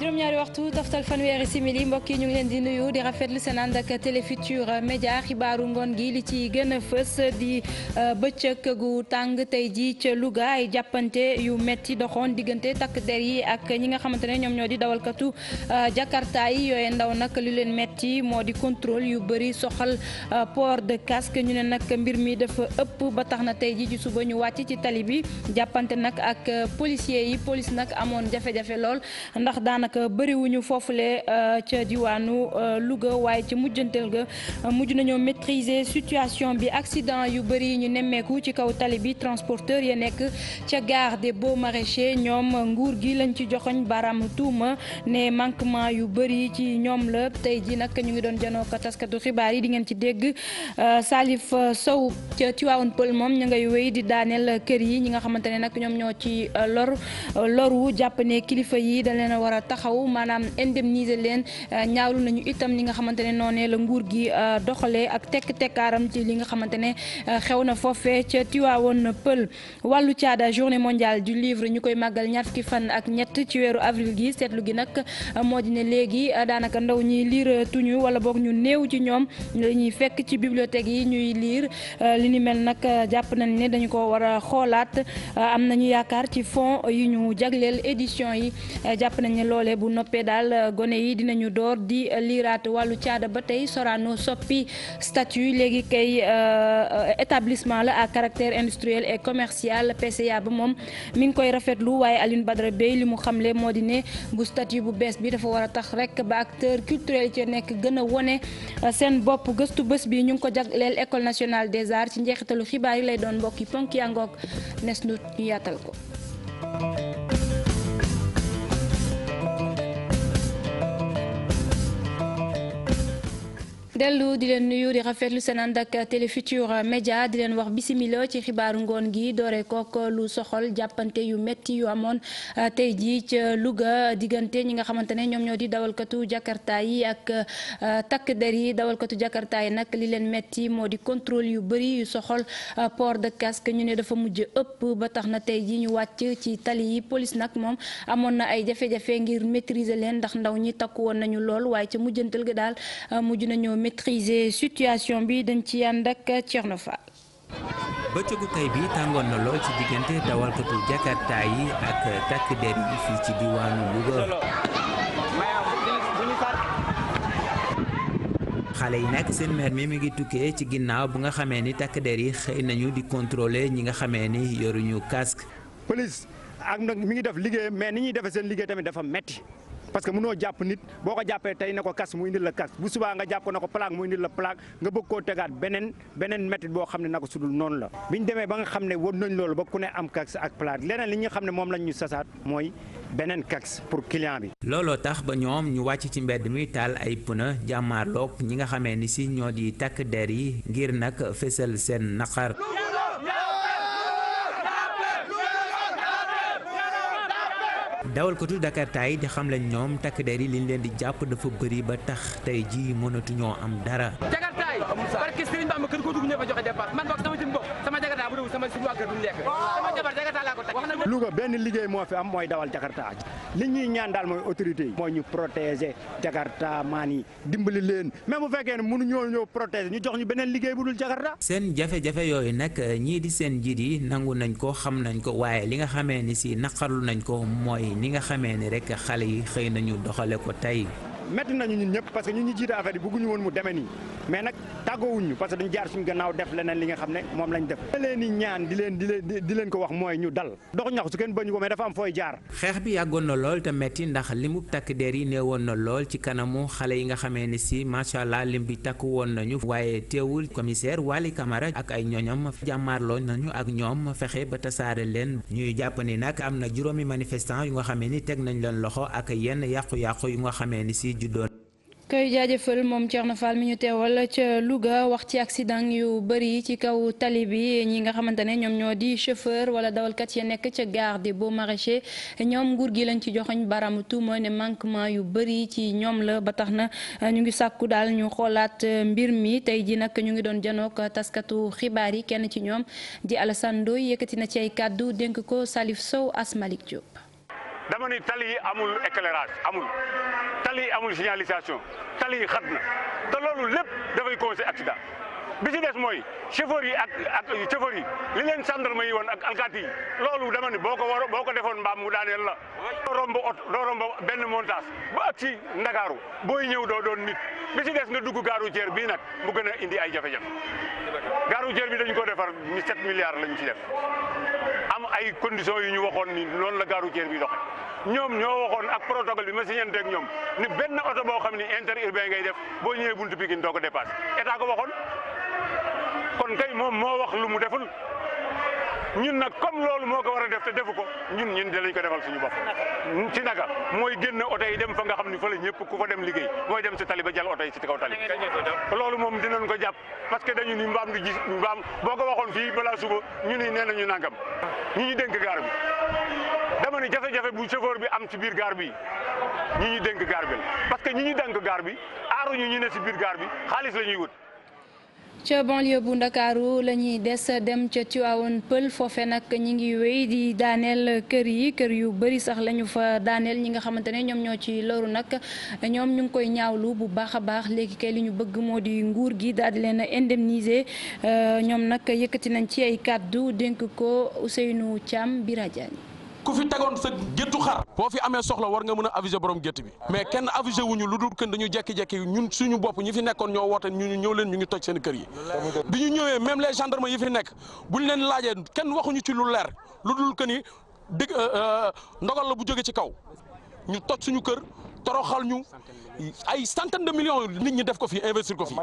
juróom-ñaari waxtu toftal fanweeri simili mbokk yi ñu ngi leen di nuyu di rafetlu seen ànd ak Télé Futur Média xibaaru ngoon gi li ci gën a fës di euh, bëccëg gu tàng tey ji ca Louga ay jàppante yu metti doxoon diggante takk der yi ak ñi nga xamante ne ñoom ñoo di dawalkatu euh, Jakarta yi yooye ndaw nag li leen metti moo di contrôle yu bëri soxal euh, port de casque ñu ne nag mbir mi dafa ëpp ba tax na tey ji ci suba ñu wàcc ci tali bi jàppante nag ak policier yi police nag amoon jafe lool daanaka bëriwuñu foofule euh, ca diwaanu euh, luga waaye ci mujjanteel ga euh, mujj nañoo maîtriser situation bi accident yu bëri ñu nemmeeku ci kaw tali bi transporteur ya nekk ca gare des Beaux Maraîchers ñoom nguur gi lañ ci joxoñ baram tuuma ne manquement yu bëri ci ñoom la tey ji nag ñu ngi doon janoo ko taskatu xibaar yi di ngeen ci dégg Salif Sow ca Tivaouane Peulh moom ñu ngay wéy di daaneel kër yi ñi nga xamante ne nag ñoom ñoo ci lor loru jàpp ne taxaw maanaam indemniser leen euh, ñaawlu nañu itam li nga xamante ne noonee la nguur gi euh, doxalee ak tekk-tekkaaram ci li nga xamante ne euh, xew na foofee ca Tiwaawoon pël wàllu caada journée mondiale ju livre ñu koy màggal ñaar fukki fan ak ñett ci weeru avril gi seetlu gi nag moo di ne léegi daanaka ndaw ñi liir tuñu wala boog ñu néew ci ñoom lañuy fekk ci bibliothèque yi ñuy liir li ni mel nag jàpp nañ ne dañu ko war xoolaat am nañu yaakaar ci fonds yi ñu jagleel loolee bu noppee daal euh, gone yi dinañu door di euh, liiraat wàllu caada ba tey Sorano soppi statut léegi kay euh, établissement la à caractère industriel et commercial PCA ba moom mi ngi koy rafetlu waaye Alioune Badara Bey li mu xamle moo di ne bu statut bu bees bi dafa war a tax rek ba acteur culturel ci nekk gën a wone seen bopp gëstu bés bi ñu ngi ko jagleel école nationale des arts ci njeexitalu xibaar yi lay doon mbokk yi ponk yaa ngoog nes ñu yaatal ko dellu di leen nuyu di rafetlu seen ànd ak Télé Futur Média di leen wax bisimila ci xibaaru ngoon gi doore kook lu soxol jàppante yu metti yu amoon euh, tey jii ca Louga diggante ñi nga xamante ne ñoom ñoo di dawalkatu jakarta yi ak euh, takk der yi dawalkatu jakarta yi nag li leen metti moo di contrôle yu bëri yu soxol euh, port de casque ñu ne dafa mujj ëpp ba tax na tey jii ñu wàcc ci tali yi police nag moom amoon na ay jafe-jafe ngir maîtriser leen ndax ndaw ñi takku woon nañu lool waaye ca mujjantal ga daal mujj nañoo maîtriser situation bi dañ ci ànd ak Thierno Fall. bëccëgu tey bi tàngoon na lool ci diggante dawalkatu jakarta yi ak takk der yi fii ci diwaanu Louga. xale yi nag seen mer mi mi ngi tukkee ci ginnaaw bu nga xamee ni takk der yi xëy nañu di contrôler ñi nga xamee ni yoruñu casque. police ak nag mi ngi def liggéey mais ni ñuy defee seen liggéey tamit dafa metti parce que mënoo jàpp nit boo ko jàppee tey ne ko kas mu indil la kas bu subaa nga jàpp ko ne ko plaque mu indil la plaque nga bëgg koo tegaat beneen beneen métit boo xam ne naka sudul noonu la bi ñu demee ba nga xam ne war nañ loolu ba ku ne am kas ak plaque leneen li nga xam ne moom lañ ñu sasaat mooy beneen kas pour client bi looloo tax ba ñoom ñu wàcc ci mbedd mi taal ay pneu jàmmaarloog ñi nga xamee ni si ñoo di takk der yi ngir nag fésal seen naqar dawalkatu Dakar yi di xam lañ ñoom takk der yi liñ leen di jàpp dafa bëri ba tax tey ji mënatuñoo am dara. Dakar jakarta bu dul sama suñu waa benn liggéey moo fi am mooy dawal jakarta li ñuy ñaan daal mooy autorité yi mooy ñu protéger jakarta maan yi dimbali leen mais bu fekkee ne mënu ñoo ñëw protéger ñu jox ñu beneen liggéey bu dul jakarta seen jafe-jafe yooyu nag ñii di seen jiit yi nangu nañ ko xam nañ ko waaye li nga xamee ni si naqarlu nañ ko mooy ni nga xamee ni rek xale yi xëy nañu doxale ko tey metti nañu ñu ñëpp parce que ñun ñu jiite affaire yi bëgguñu woon mu deme nii mais nag tàggoowuñu parce que dañu jaar suñu gannaaw def leneen li nga xam ne moom lañ def da ñaan di leen di leen di leen ko wax mooy ñu dal dox ñax su kenn bañu ko mais dafa am fooy jaar xeex bi yàggoon na lool te metti ndax limub takk der yi woon na lool ci kanamu xale yi nga xamee ni si macha allah lim bi takk woon nañu waaye teewul commissaire Wali Camara ak ay ñoñam jàmmaarloo nañu ak ñoom fexe ba tasaare leen ñuy jàpp ni nag am na juróomi manifestant yu nga xamee ni teg nañ leen loxo ak yenn yàqu-yàqu yu nga xamee ni si juddoon koy jaajëfal moom Thierno Fall mi ñu teewal ca Louga wax ci accident yu bëri ci kaw tali bi ñi nga xamante ne ñoom ñoo di chauffeur wala dawalkat yi nekk ca gare des Beaux-Maraîchers ñoom nguur gi lañ ci joxoñ tu tuuma ne manquement yu bëri ci ñoom la ba tax na ñu ngi sàkku daal ñu xoolaat euh, mbir mi tey ji nag ñu ngi doon janook taskatu xibaar yi kenn ci ñoom di Alassane Ndoye yëkkati na ceey kàddu dénk ko Salif Sow Asmalik Diop dama ni tali yi amul éclairage amul tali yi amul signalisation tali yi xat na te loolu lépp dafay causé accident. bi ci des mooy chauffeur yi ak ak chauffeur yi li leen gendarme yi woon ak alkaati loolu dama ne boo ko boo ko defoon mbaam mu daaneel la doo romb ot benn montage ba ak ci ndakaaru booy ñëw doo doon nit bi ci des nga dugg gaaru jeer bii nag mu gën indi ay jafe-jafe gaaru jeer bi dañu ko defar mi sept milliards lañ ci def am ay condition yu ñu waxoon ni noonu la gaaru jeer bi doxe ñoom ñoo waxoon ak protocole bi ma signante ak ñoom ni benn oto boo xam ne interurbain ngay def boo ñëwee buntu Pikine doo ko dépassé état ko kon kay moom moo wax lu mu deful ñun nag comme loolu moo ko war a def te defu ko ñun ñun dinañ ko defal suñu bopp. ci naka mooy génn oto yi dem fa nga xam ni fa la ñëpp ku fa dem liggéey mooy dem si tali ba jël oto yi si kaw tali. loolu moom dinañ ko jàpp parce que dañu ni mbaam du gis mbaam boo ko waxoon fii balaa suba ñu ni nee nañu nangam ñu ñu dénk gaar bi dama ni jafe-jafe bu chauffeur bi am ci biir gaar bi ñi ñu dénk gaar bi parce que ñi ñu dénk gaar bi aaruñu ñu ne si biir gaar bi xaalis la ñuy ca banlieue bu ndakaaru la ñuy des dem ca Tivaouane Peulh foofe nag ñi ngi wéy di daaneel kër yi kër yu bëri sax la ñu fa daaneel ñi nga xamante ne ñoom ñoo ci loru nag ñoom ñu ngi koy ñaawlu bu baax a baax léegi kay li ñu bëgg moo di nguur gi daal di leen indemniser euh, ñoom nag yëkkati nañ ci ay kàddu dénk ko Ousseynou Thiam Biradiane ku fi tegoon sa géttu xar boo fi amee soxla war nga mën a aviser borom gétt bi mais kenn aviser wuñu lu dul kën dañu jekki-jekki ñun suñu bopp ñu fi nekkoon ñoo woote ñu ñëw leen ñu ngi toj seen kër yi bi ñu ñëwee même les gendarmes yi fi nekk buñ leen laajee kenn waxuñu ci lu leer lu dul kën yi dëgg ndogal la bu jóge ci kaw ñu toj suñu kër toroxal ñu ay centaine de million nit ñi def ko fii investir ko fii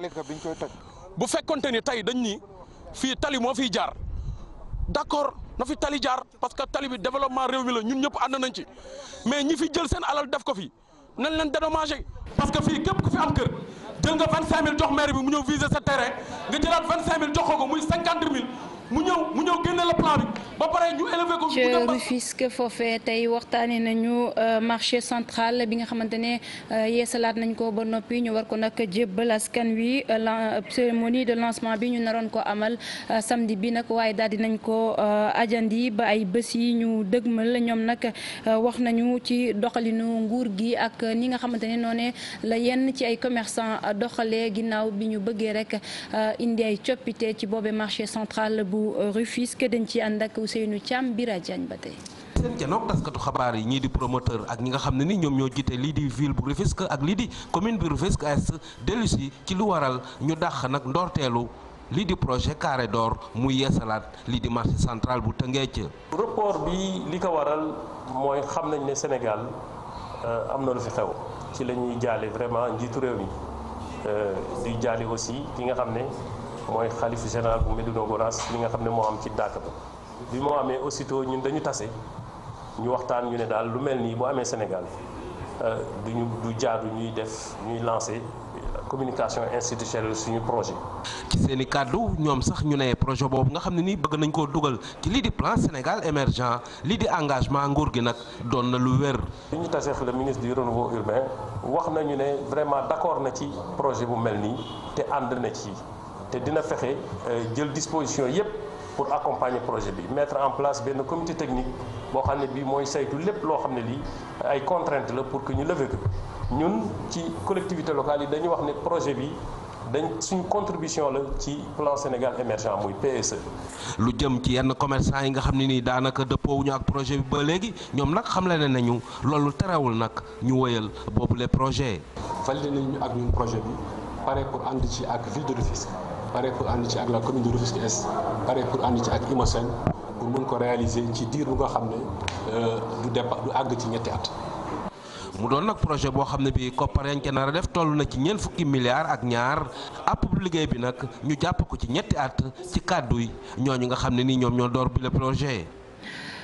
bu fekkonte ni tey dañ ni fii tali moo fiy jaar d'accord na fi tali jaar parce que tali bi développement réew mi la ñun ñëpp ànd nañ ci mais ñi fi jël seen alal def ko fi nañ leen dédommagé parce que fii képp ku fi am kër jël nga vingt cinq mille jox maire bi mu ñëw viser sa terrain nga jëlaat vingt cinq mille jox ko ko muy cinquante mille mu ñëw mu ñëw génne la plan bi ba pare ñu élevé tey waxtaanee nañu euh, marché central bi nga xamante ne euh, yeesalaat nañ ko ba noppi ñu war ko nag jébbal askan wi euh, la cérémonie de lancement bi ñu naroon ko amal samedi bi nag waaye daal di nañ ko ajandi ba ay bés yi ñu dëgmal ñoom nag wax nañu ci doxalinu nguur gi ak ni nga xamante ne noonu la yenn ci ay commerçant doxalee ginnaaw bi ñu bëggee rek indi ay coppite ci boobe marché central bu. bu euh, Rufisque dañ ci ànd ak Ousseynou Thiam Bira ba tey. seen janoog taskatu xabaar yi ñii di promoteur ak ñi nga xam ne ni ñoom ñoo jiite lii di ville bu Rufisque ak lii di commune bu Rufisque ci lu waral ñu dàq nag ndorteelu lii di projet carré d'or muy yeesalaat lii di marché centrale bu Tëngéej. report bi li ko waral mooy xam nañ ne Sénégal euh, am na lu fi xew ci la jaale vraiment njiitu réew mi euh, di jaale aussi ki nga xam ne. mooy xalifu général bu Médina Gounass li nga xam ne moo am ci dàkk ba bi moo amee aussitôt ñun dañu tase ñu waxtaan ñu ne daal lu mel nii boo amee Sénégal euh, duñu du jaadu ñuy def ñuy lancer communication institutionnelle suñu projet. ci seen i kàddu ñoom sax ñu ne projet boobu nga xam ne nii bëgg nañ koo dugal ci lii di plan Sénégal émergent lii di engagement nguur gi nag doon na lu wér. bi ñu tasee le ministre du renouveau urbain wax nañu ne vraiment d'accord na ci projet bu mel nii te ànd na ci. te dina fexe euh, jël disposition yépp pour accompagner projet bi mettre en place benn comité technique boo xam ne bii mooy saytu lépp loo xam ne lii ay contraintes la pour que ñu lever ko ñun ci collectivité locale yi dañu wax ne projet bi dañ suñ contribution la ci plan Sénégal émergent muy ps e. lu jëm ci yenn commerçant yi nga xam ne nii daanaka dëppoowuñu ak projet bi ba léegi ñoom nag xamle ne nañu loolu terewul nag ñu wëyal boobu les projets. validé nañu ak ñun projet bi pare pour ànd ci ak ville de Rufisque pare pour ànd ci ak la commune de Rufisque Est pare pour ànd ci ak Imosène pour mën ko réaliser ci diir bu nga xam ne euh, du départ du àgg ci ñetti at. mu doon nag projet boo xam ne bi koppar yañ ca nar a def toll na ci ñeent fukki milliards ak ñaar àpp liggéey bi nag ñu jàpp ko ci ñetti at ci kàddu yi ñooñu nga xam ne nii ñoom ñoo door bi le projet.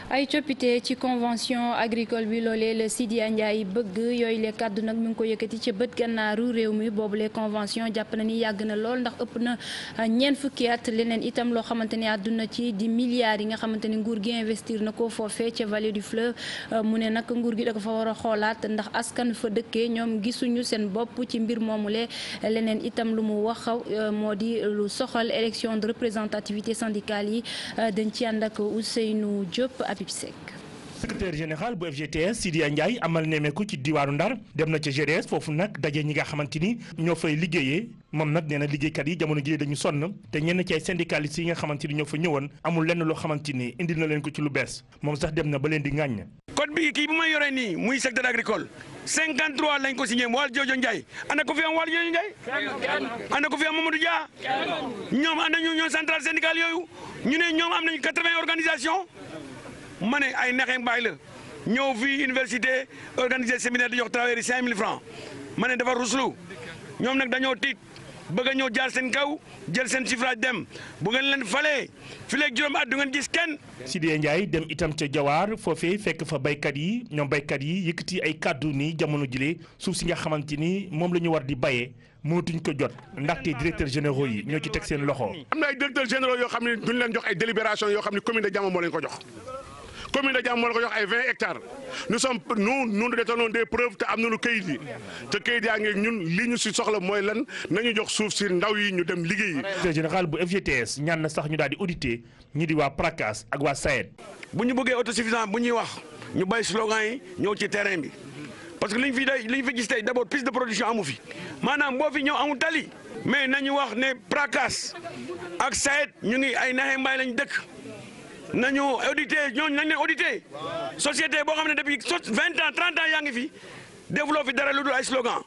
ay coppite ci convention agricole bi loolee la Sidiya Ndiaye bëgg yooyu le kàddu nag mu ngi ko yëkkati ci bët gànnaaru réew mi boobu le convention jàpp na ni yàgg na lool ndax ëpp na ah, ñeent fukki at leneen itam loo xamante ni àdduna ci di milliards yi nga xamante ni nguur gi investir na ko foofee ca vallée du fleuve ah, mu ne nag nguur gi da ko fa war a xoolaat ndax askan fa dëkke ñoom gisuñu seen bopp ci mbir moomule leneen itam lu mu wax ah, moo di lu soxal élection de représentativité syndicale yi dañ ci ànd ak Ousseynou Diop Habib Seck. secrétaire général bu FGTS Sidiya Ndiaye amal nemmeeku ci diwaanu Ndar dem na ca GDS foofu nag daje ñi nga xamante ni ñoo fay liggéeyee moom nag nee na liggéeykat yi jamono jii dañu sonn te ñenn ci ay syndicalistes yi nga xamante ni ñoo fa ñëwoon amul lenn loo xamante ni indil na leen ko ci lu bees moom sax dem na ba leen di ŋàññ. code bi kii bi ma yoree nii muy secteur agricole 53 lañ ko signé wàllu Jojo Ndiaye ana ko fi am wàllu Jojo Ndiaye. ana ko fi am Mamadou Dia. ñoom ana ñu ñoom central syndical yooyu ñu ne ñoom am nañu 80 organisations. ma ne ay naxee mbaay la ñëw fii université organiser séminaire di jox travailleurs yi mille francs ma ne dafa ruslu ñoom nag dañoo tiit bëgg a ñëw jaar seen kaw jël seen suffrage dem bu ngeen leen fale fi léegi juróom at du ngeen gis kenn. Sidya Ndiaye dem itam ca Jawaar foofee fekk fa baykat yi ñoom baykat yi yëkkati ay kàddu ni jamono jile suuf si nga xamante ni moom la ñu war di bayee mënatuñ ko jot ndaxte directeurs généraux yi ñoo ci teg seen loxo. am na ay directeurs yoo xam ne duñ leen jox ay délibération yoo xam ne commune de Diama moo ko jox. commune de Diam moo la ko jox ay 20 hectares nous sommes nous nous détenons des preuves te am nañu kayit yi te kayit yaa ngi ñun li ñu si soxla mooy lan na nañu jox suuf si ndaw yi ñu dem liggéey liggéeyi. directeur général bu FGTS ñaan na sax ñu daal di auditer ñi di waa PRACAS ak waa SAED. bu ñu bëggee autosuffisance bu ñuy wax ñu bay slogan yi ñëw ci terrain bi parce que li ñu fi day li ñu fi gis tey d' abord piste de production amu fi maanaam boo fi ñëw amul tali mais na ñu wax ne PRACAS ak SAED ñu ngi ay naxee lañ dëkk. nañu audité ñooñu nañ leen audité société boo xam ne depuis vingt ans trente ans yaa ngi fi développé fi dara lu dul ay slogan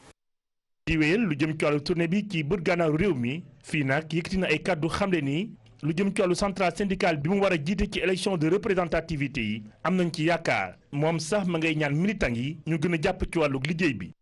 di wéyal lu jëm ci wàllu bi ci bët gànnaaru réew mi fii nag yëkkati na ay kàddu xamle ni lu jëm ci wàllu centrale syndicale bi mu war a jiite ci élection de représentativité yi am nañ ci yaakaar moom sax ma ngay ñaan militant yi ñu gën a jàpp ci wàllu liggéey bi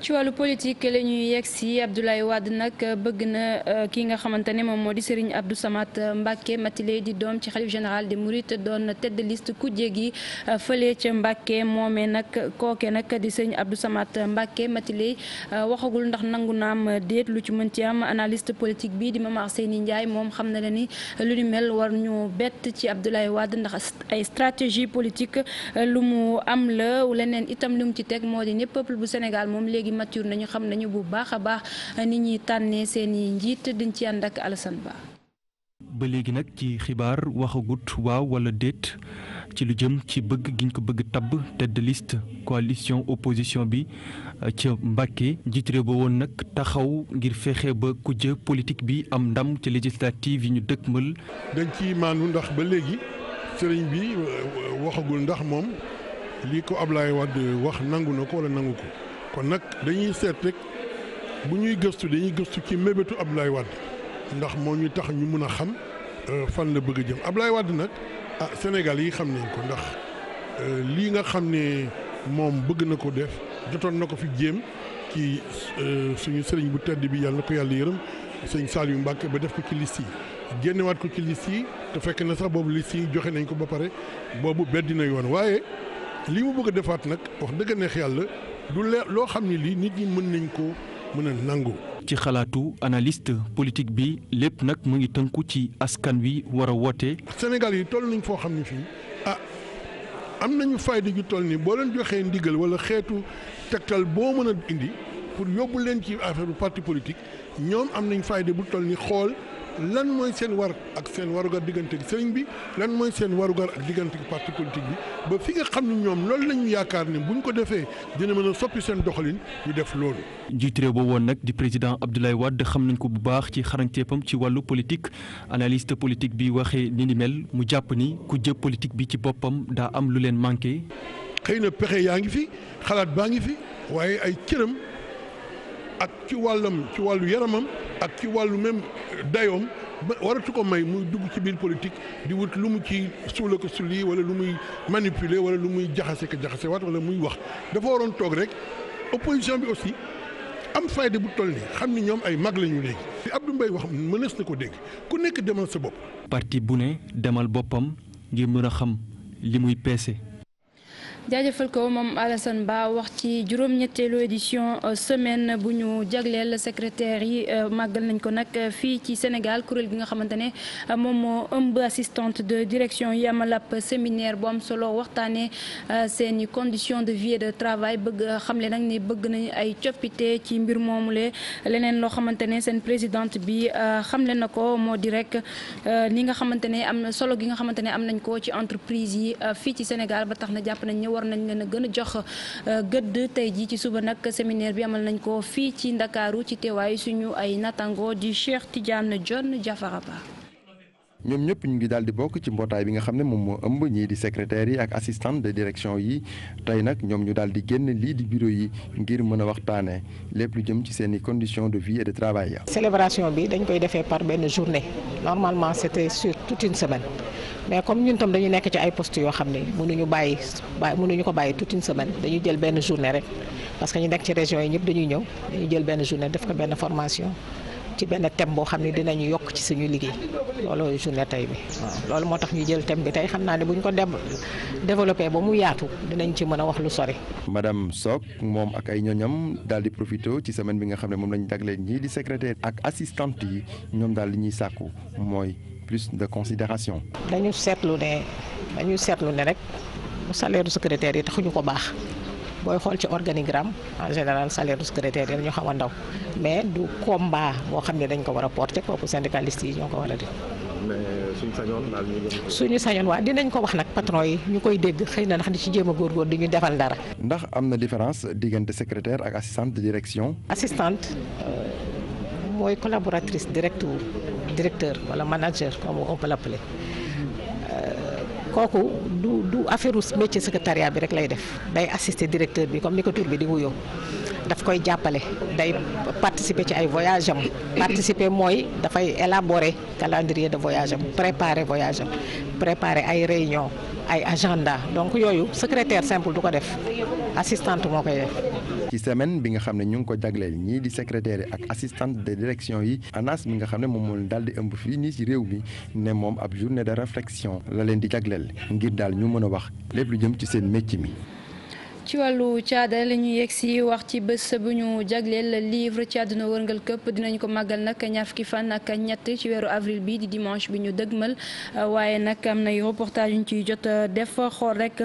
ci wàllu politique la ñuy yegg si Abdoulaye Wade nag bëgg na euh, ki nga xamante ne moom moo di Serigne Abdou Samad Mbacke Matilé di doom ci xalif général des Mourides doon tête de liste kujje gi euh, fële ca Mbacke moomee nag kooke nag di Serigne Abdou Samad Mbacke Matilé euh, waxagul ndax nangu naam déet lu ci mën ci am analyste politique bi di Momar Seyni Ndiaye moom xam na la ni lu ni mel war ñu bett ci Abdoulaye Wade ndax ay stratégie politique lu mu am la leneen itam lu mu ci teg moo di ne peuple bu Sénégal moom léegi gi nañu xam nañu bu baax a baax ni ñuy tànnee seen i njiit dañ ci ànd ak Alassane Ba. ba léegi nag ci xibaar waxagut waaw wala déet ci lu jëm ci bëgg giñ ko bëgg tabb tête de liste coalition opposition bi ca Mbàkke jiite réew ba woon nag taxaw ngir fexe ba kujje politique bi am ndam ci législative yi ñu dëkkmal. dañ ciy maandu ndax ba léegi sëriñ bi euh, waxagul ndax moom lii ko Ablaye Wade wax nangu na ko walla nangu ko. kon nag dañuy seet rek bu ñuy gëstu dañuy gëstu ci mébétu ab Abdoulaye Wade ndax moo ñuy tax ñu mën a xam euh, fan la bëgg a jëm Abdoulaye Wade nag ah Sénégal yi xam nañ ko ndax euh, lii nga xam ne moom bëgg na ko def jotoon na ko fi jéem ci euh, suñu sëriñ bu tedd bi yàlla na ko yàlla yërëm sëñ yu Mbacke ba def ko ci liste yi génnewaat ko ci liste yi te fekk na sax boobu liste yi joxe nañ ko ba pare boobu beddi na yoon waaye lii mu bëgg a defaat nag wax dëgg neex yàlla du leer loo xam ne lii nit ñi mën nañ ko mën a nangu. ci xalaatu analyste politique bi lépp nag mu ngi tënku ci askan wi war a woote. senegal yi toll nañ foo xam ne fii a ah, am nañu fayda ju toll nii boo leen joxee ndigal wala xeetu tegtal boo mën a indi pour yóbbu leen ci affaire parti politique ñoom am nañ fayda bu toll nii xool. lan mooy seen war ak seen warugar diggante gi sëriñ bi lan mooy seen warugar ak diggante gi parti politique bi ba fi nga xam ne ñoom loolu la ñu yaakaar ne bu ñu ko defee dina mën a soppi seen doxalin ñu def loolu. njiit boobu woon nag di président Abdoulaye Wade xam nañ ko bu baax ci xarañteepam ci wàllu politique analyste politique bi waxee ni ni mel mu jàpp ni ku jëb politique bi ci boppam daa am lu leen manqué. xëy na pexe yaa ngi fi xalaat baa ngi fi waaye ay cëram. ak ci wàllam ci wàllu yaramam ak ci wàllu même dayoom ba waratu ko may muy dugg ci biir politique di wut lu mu ci suula ko sulli wala lu muy manipuler wala lu muy jaxase ko jaxase waat wala muy wax dafa waroon toog rek opposition bi aussi am fayda bu toll nii xam ni ñoom ay mag lañu léegi li Abdou mbay wax mënees na ko dégg ku nekk demal sa bopp. parti bu ne demal boppam ngir mën a xam li muy peese. jaajëfal ko moom Alassane Ba wax ci juróom-ñetteelu édition euh, semaine bu ñu jagleel secrétaire yi euh, màggal nañ ko nag euh, fii ci Sénégal kuréel gi nga xamante ne moom moo ëmb assistante de direction yi amal ab séminaire bu am solo waxtaanee seeni condition de vie de travail bëgg xamle nag ni bëgg nañu ay coppite ci mbir moomule leneen loo xamante ne seen présidente bi xamle na ko moo direk rek li nga xamante ne am na solo gi nga xamante ne am nañ ko ci entreprise yi fii ci Sénégal ba tax na jàpp nañ war nañ leen a gën a jox euh, gëdd tey jii ci suba nag séminaire bi amal nañ ko fii ci Ndakaaru ci teewaayu suñu ay natango di Cheikh Tidiane jonn Diafara Ba ñoom ñëpp ñu ngi daal di bokk ci mbootaay bi nga xam ne moom moo ëmb ñii di secrétaire yi ak assistant de direction yi tey nag ñoom ñu daal di génn lii di bureau yi ngir mën a waxtaanee lépp lu jëm ci seen i conditions de vie et de travail. célébration bi dañ koy defee par benn journée normalement c'était sur toute une semaine mais comme ñun tam dañu nekk ci ay postes yoo xam ne mënuñu bàyyi bàyyi mënuñu ko bàyyi toute une semaine dañu jël benn journée rek parce que ñu nekk ci région yi ñëpp dañuy ñëw jël benn journée def benn formation. ci benn thème boo xam ne dinañu yokk ci suñu liggéey looloo journée tey bi waaw loolu moo tax ñu jël thème bi tey xam naa ne bu ñu ko développé ba mu yaatu dinañ ci mën a wax lu sori. madame Sock moom ak ay ñoñam daal di profité ci semaine bi nga xam ne moom lañ dagleen ñii di secrétaire ak assistante yi ñoom daal li ñuy sàkku mooy plus de considération dañu seetlu ne dañu seetlu ne rek salaire secrétaire yi taxuñu ko baax. booy xool ci organigramme en général salaire du secrétaire yi ñu xaw a ndaw mais du combat moo xam ne dañ ko war a porter kooku syndicaliste yi ñoo ko war a def. suñu sañoon suñu sañoon waa dinañ ko wax nag patron yi ñu koy dégg xëy na ndax di ci jéem a góor di ñu defal dara. ndax am na différence diggante secrétaire ak assistante de direction. assistante euh, mooy collaboratrice directe directeur wala manager comme on peut kooku du du affaire métier secrétariat bi rek lay def day assister directeur bi comme ni bi di wuyoo dafa koy jàppale day participer ci ay voyage am participer mooy dafay élaborer calendrier de voyage am préparer voyage am préparer ay réunion ay agenda donc yooyu secrétaire simple du ko def assistante moo koy def. ci semaine bi nga xam ne ñu ngi ko jagleel ñii di secrétaire ak assistante de direction yi ANAS mi nga xam ne moom moo daal di ëmb fii nii ci réew mi ne moom ab journée de réflexion la leen di jagleel ngir daal ñu mën a wax lépp lu jëm ci seen métier mi. ci wàllu caada la ñu yegg si wax ci bés bu ñu jagleel livre ci àdduna wërngal këpp dinañ ko màggal nag ñaar fukki fan ak ñett ci weeru avril bi di dimanche bi ñu dëgmal waaye nag am na yu reportage yu ñu ciy jot def xool rek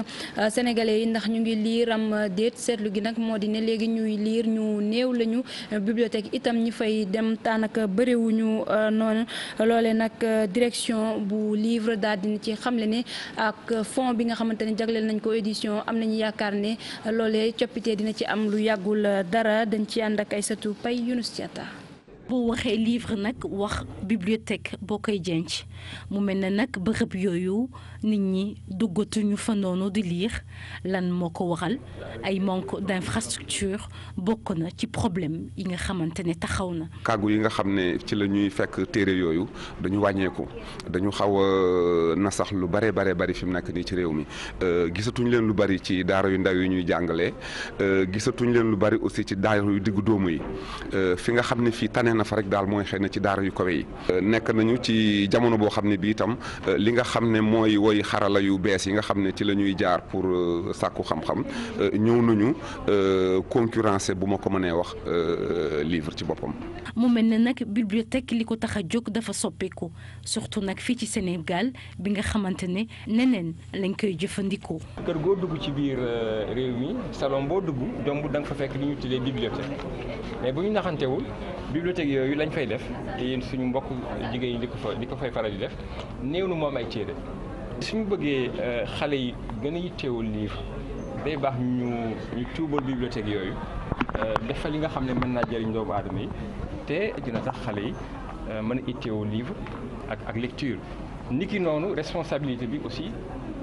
sénégalais yi ndax ñu ngi liir am déet seetlu gi nag moo di ne léegi ñuy liir ñu néew lañu bibliothèque itam ñi fay dem daanaka bëriwuñu euh, noonu loole nag direction bu livre daal dina ci xamle ne ak fond bi nga xamante ne jagleel nañ ko édition am nañu yaakaar ne loole coppite dina ci am lu yàggul dara dañ ci ànd ak ay satu pay Yunus Diatta bu waxee livre nag wax bibliothèque boo koy jenc mu mel ne nag bërëb yooyu nit ñi duggatuñu fa noonu di lire lan moo ko waral ay manque d'infrastructure bokk na ci problème yi nga xamante ne taxaw na. kàggu yi nga xam ne ci la ñuy fekk téere yooyu dañu wàññeeku dañu xaw a euh, nasax lu bare bare bari fi mu nekk nii ci réew mi euh, gisatuñ leen lu bari ci daara yu ndaw yi ñuy jàngalee euh, gisatuñ leen lu bari aussi ci daara yu diggu dóomu yi fi nga xam ne fii tane na fa rek daal mooy xëy na yu kawe yi euh, nekk nañu ci jamono boo xam ne bii itam euh, li nga xam ne mooy woy xarala yu bees yi nga xam ne ci la ñuy jaar pour euh, sàkku xam-xam ñëw nañu concurrence bu ma ko mënee wax livre ci boppam. mu mel ne nag bibliothèque li ko tax a jóg dafa soppeeku surtout nag fii ci Sénégal bi nga xamante ne neneen lañ koy jëfandikoo. kër goo dugg ci biir réew mi salon boo dugg jomb danga fa fekk li ñu tuddee bibliothèque mais bu ñu naxantewul bibliothèque yooyu lañ fay def te suñu mbokk jigéen yi di ko fa di ko fay faral di def néew nu moom ay téere suñu bëggee euh, xale yi gën a yitteewul livre day baax ñu ñu tuubal bibliothèque yooyu euh, defal yi nga xam ne mën naa jëriñ doomu aadama yi te dina tax xale yi euh, mën a itteewul livre ak ak lecture niki noonu responsabilité bi aussi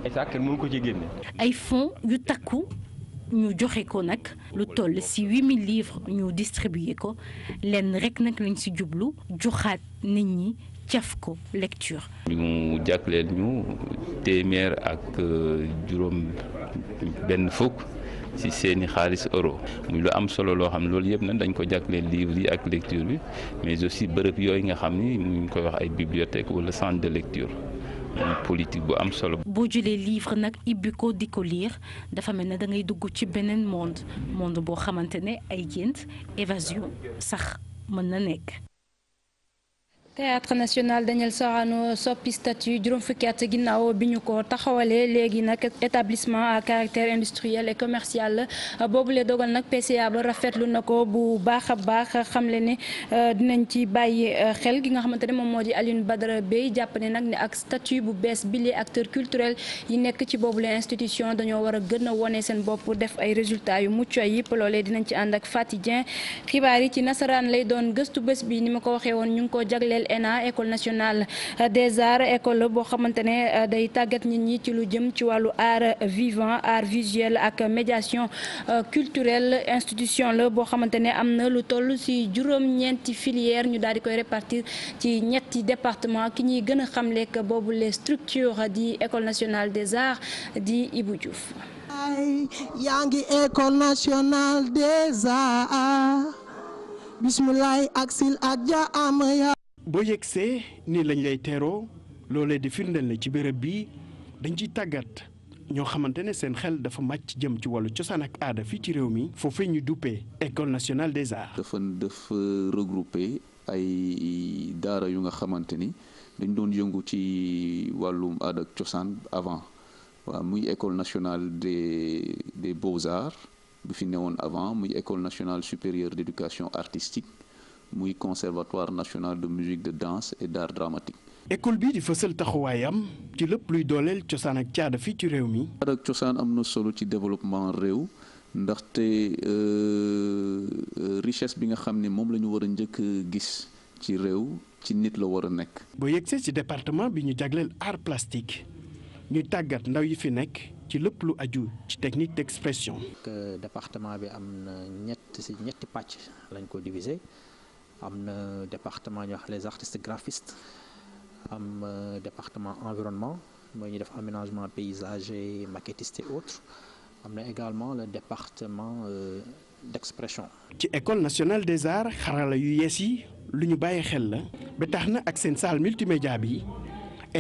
état kenn mënu ko ci génne. ay fonds yu takku. ñu joxe ko nag lu toll ci huit mille livres ñu distribuer ko lenn rek nag lañ ci jublu joxaat nit ñi caf ko lecture. ñu jàkkleel ñu téeméer ak euh, juróom benn fukk. ci seeni xaalis euro muy lu am solo loo xam ne loolu yëpp nag dañ ko jàkkaleen livre yi ak lecture bi mais aussi bërëb yooyu nga xam ni ñu koy wax ay bibliothèque wala centre de lecture politique bu am solo. boo jëlee livre nag ibbi ko di ko dafa mel ne da ngay dugg ci beneen monde monde boo xamante ne ay gént évasion sax mën na nekk. théâtre national Daniel Sorano soppi statut juróom fukki at ginnaaw bi ñu ko taxawalee léegi nag établissement à caractère industriel et commercial boobule dogal nag PCA ba lu na ko bu baax a baax xamle ne euh, dinañ ci bàyyi euh, xel gi nga xamante ne moom moo di Alioune Badara Bey jàpp ne nag ne ak statut bu bees bi les acteurs culturels yi nekk ci boobule institution dañoo war a gën a wone seen bopp def ay résultats yu mucc ayib loolee dinañ ci ànd ak Faty Dieng xibaar yi ci nasaraan lay doon gëstu bés ñu ngi ko jagleel kuréel ENA école nationale des arts école boo xamante ne euh, day tàggat nit ñi ci lu jëm ci wàllu art vivant art visuel ak médiation euh, culturelle institution la boo xamante ne am na lu toll ci juróom-ñeenti filière ñu daal di koy répartir ci ñetti département ki ñuy gën a xamleek boobu les structures di école nationale des arts di Ibou Diouf école nationale des arts bismillah aksil boo yegsee nii lañ lay teeroo loolee di firndeel ne ci béréb bi dañ ciy tàggat ñoo xamante ne seen xel dafa màcc jëm ci wàllu cosaan ak aada fii ci réew mi foofee ñu duppee école nationale des arts. dafa dafa regroupe ay daara yu nga xamante ni dañ doon yëngu ci wàllum aada cosaan avant waaw muy école nationale des des beaux arts bi fi newoon avant muy école nationale supérieure d' éducation artistique. muy conservatoire national de musique de danse et d'art dramatique. école bii di fësal am ci lépp luy dooleel cosaan ak caada fii ci réew mi. caada ak cosaan am na solo ci développement réew ndaxte euh, richesse bi nga xam ne moom la ñu war a njëkk gis ci réew ci nit la war a nekk. boo yegsee ci département bi ñu jagleel art plastique ñuy tàggat ndaw yi fi nekk. ci lépp lu aju ci technique d'expression. département bi am na ñetti pàcc lañ ko diviser. am na département ñu wax les artistes graphistes am euh, département environnement mooy ñu def aménagement paysager maquettiste et autres am na également le département euh, d'expression. ci école nationale des arts xarala yu yees yi lu ñu bàyyi xel la ba tax na ak seen salle multimédia bi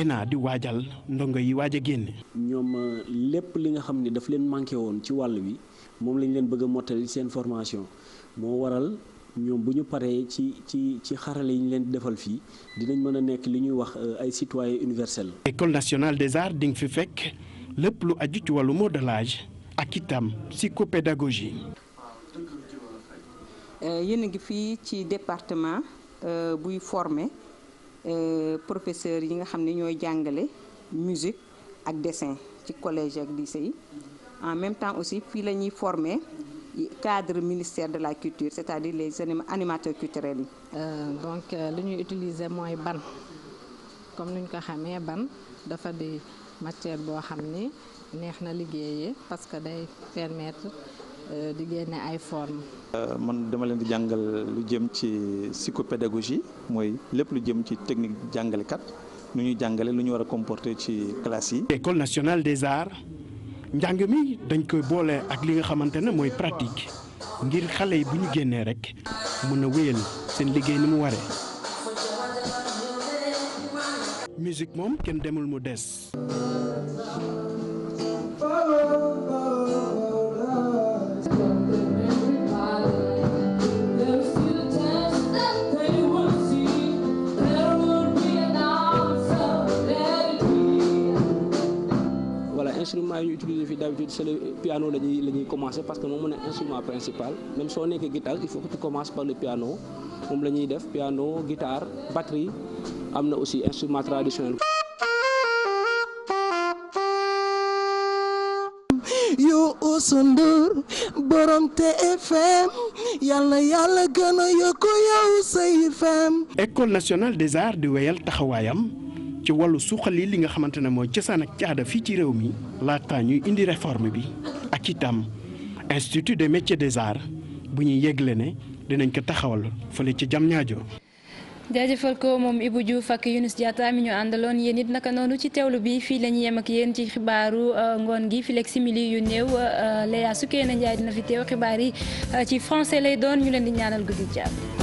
ENA di waajal ndongo yi waaj a génn. ñoom euh, lépp li nga xam ni daf leen manqué woon ci wàll wi moom lañ leen bëgg a mottali seen formation moo waral. ñoom bu ñu paree ci ci ci xarale yi ñu leen defal fii dinañ mën a nekk li ñuy wax euh, ay citoyen universel école nationale des arts di nga fi fekk lépp lu aju ci wàllu modelage ak itam psychopédagogie. Euh, yéen a ngi fii ci département euh, buy former professeur yi nga xam ne ñooy jàngale musique ak dessin ci collège ak lycée yi en même temps aussi fii la ñuy former cadre ministère de la culture c'est-à-dire les animateurs culturels yi. Euh, donc euh, lu ñuy utiliser mooy ban comme ni ñu ko xamee ban dafa di matière boo xam ni neex na liggéeyee parce que day permettre euh, di génne ay formes. man dama leen di jàngal lu jëm ci psychopédagogie mooy lépp lu jëm ci technique jàngalekat nu ñuy jàngale lu ñu war a comporter ci classe yi. école nationale des arts. njàng mi dañ koy boole ak li nga xamante ne mooy pratique ngir xale yi bu ñu génnee rek mën a wéyal seen liggéey ni mu waree. musique moom kenn demul mu des. instruments yi ñu utiliser fii d'habitude c'est piano la ñuy la ñuy commencer parce que moom mu ne instrument principal même soo nekkee guitare il faut que tu commences par le piano moom la ñuy def piano guitare batterie am na aussi instrument traditionnel. yu Youssou Ndour borom TFM yàlla yàlla gën a yokk yow say fem école nationale des arts di wéyal taxawaayam. ci wàllu suqali li nga xamante ne mooy cosaan ak caada fii ci réew mi laataa ñuy indi réforme bi ak itam institut de métiers des arts bu ñuy yégle ne dinañ ko taxawal fële ci jam Diamniadio jaajëfal ko moom Ibou Diouf ak Younus Diatta mi ñu àndaloon yéen it naka noonu ci teewlu bi fii la ñu yem ak yéen ci xibaaru euh, ngoon gi fileeg simili yu néew euh, Léa Sukeyna Ndiaye dina fi teew xibaar yi euh, ci français lay doon ñu leen di ñaanal guddi jàmm